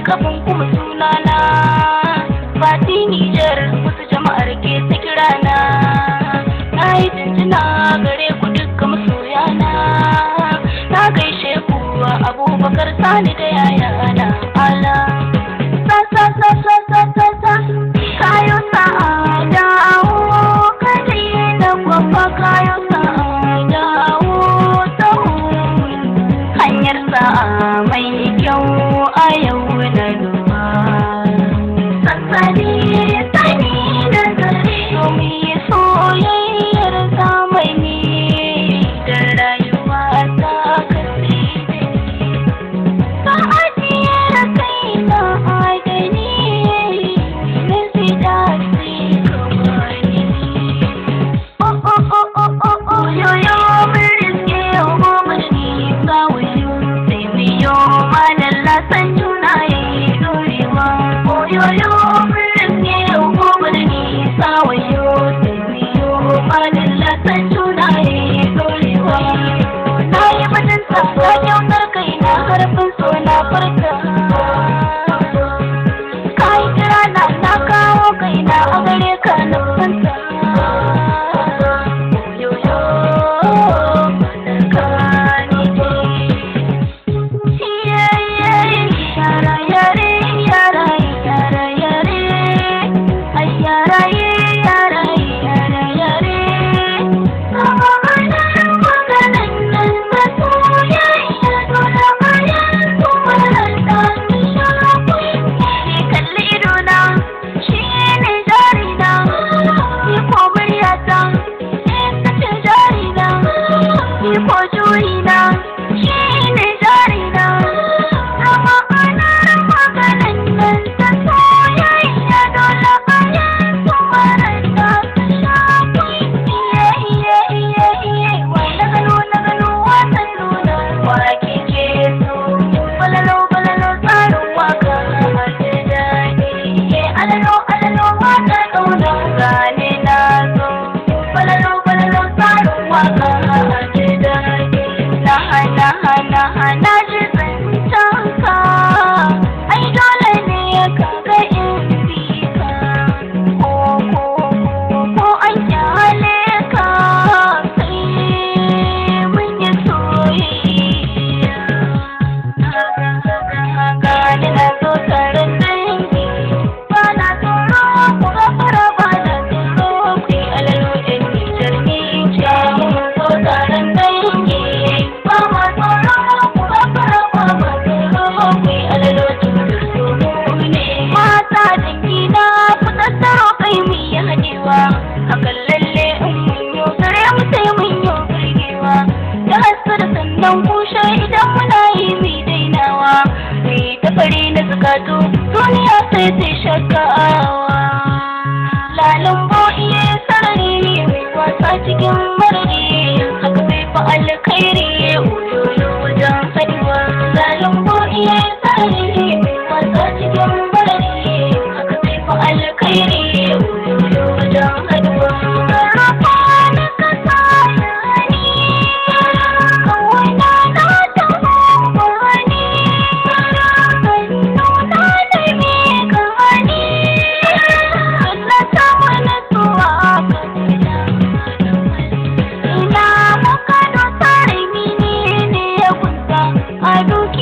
kafin kuma na fati nijar wasu jama'ar ke ta kirana na yi tuntuna gare ku dukkan masoyana na gaishe ku abubakar sani da yaya ala sa sa sa mai kyau a yau na Na na. kan kushe idan muna yi mai dainawa ta tafari na zukatu duniya sai ta shakawa lalambo iya sarari mai wasa cikin marari haka bai fa alkhairi ya Kabuki.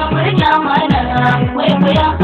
Yeah.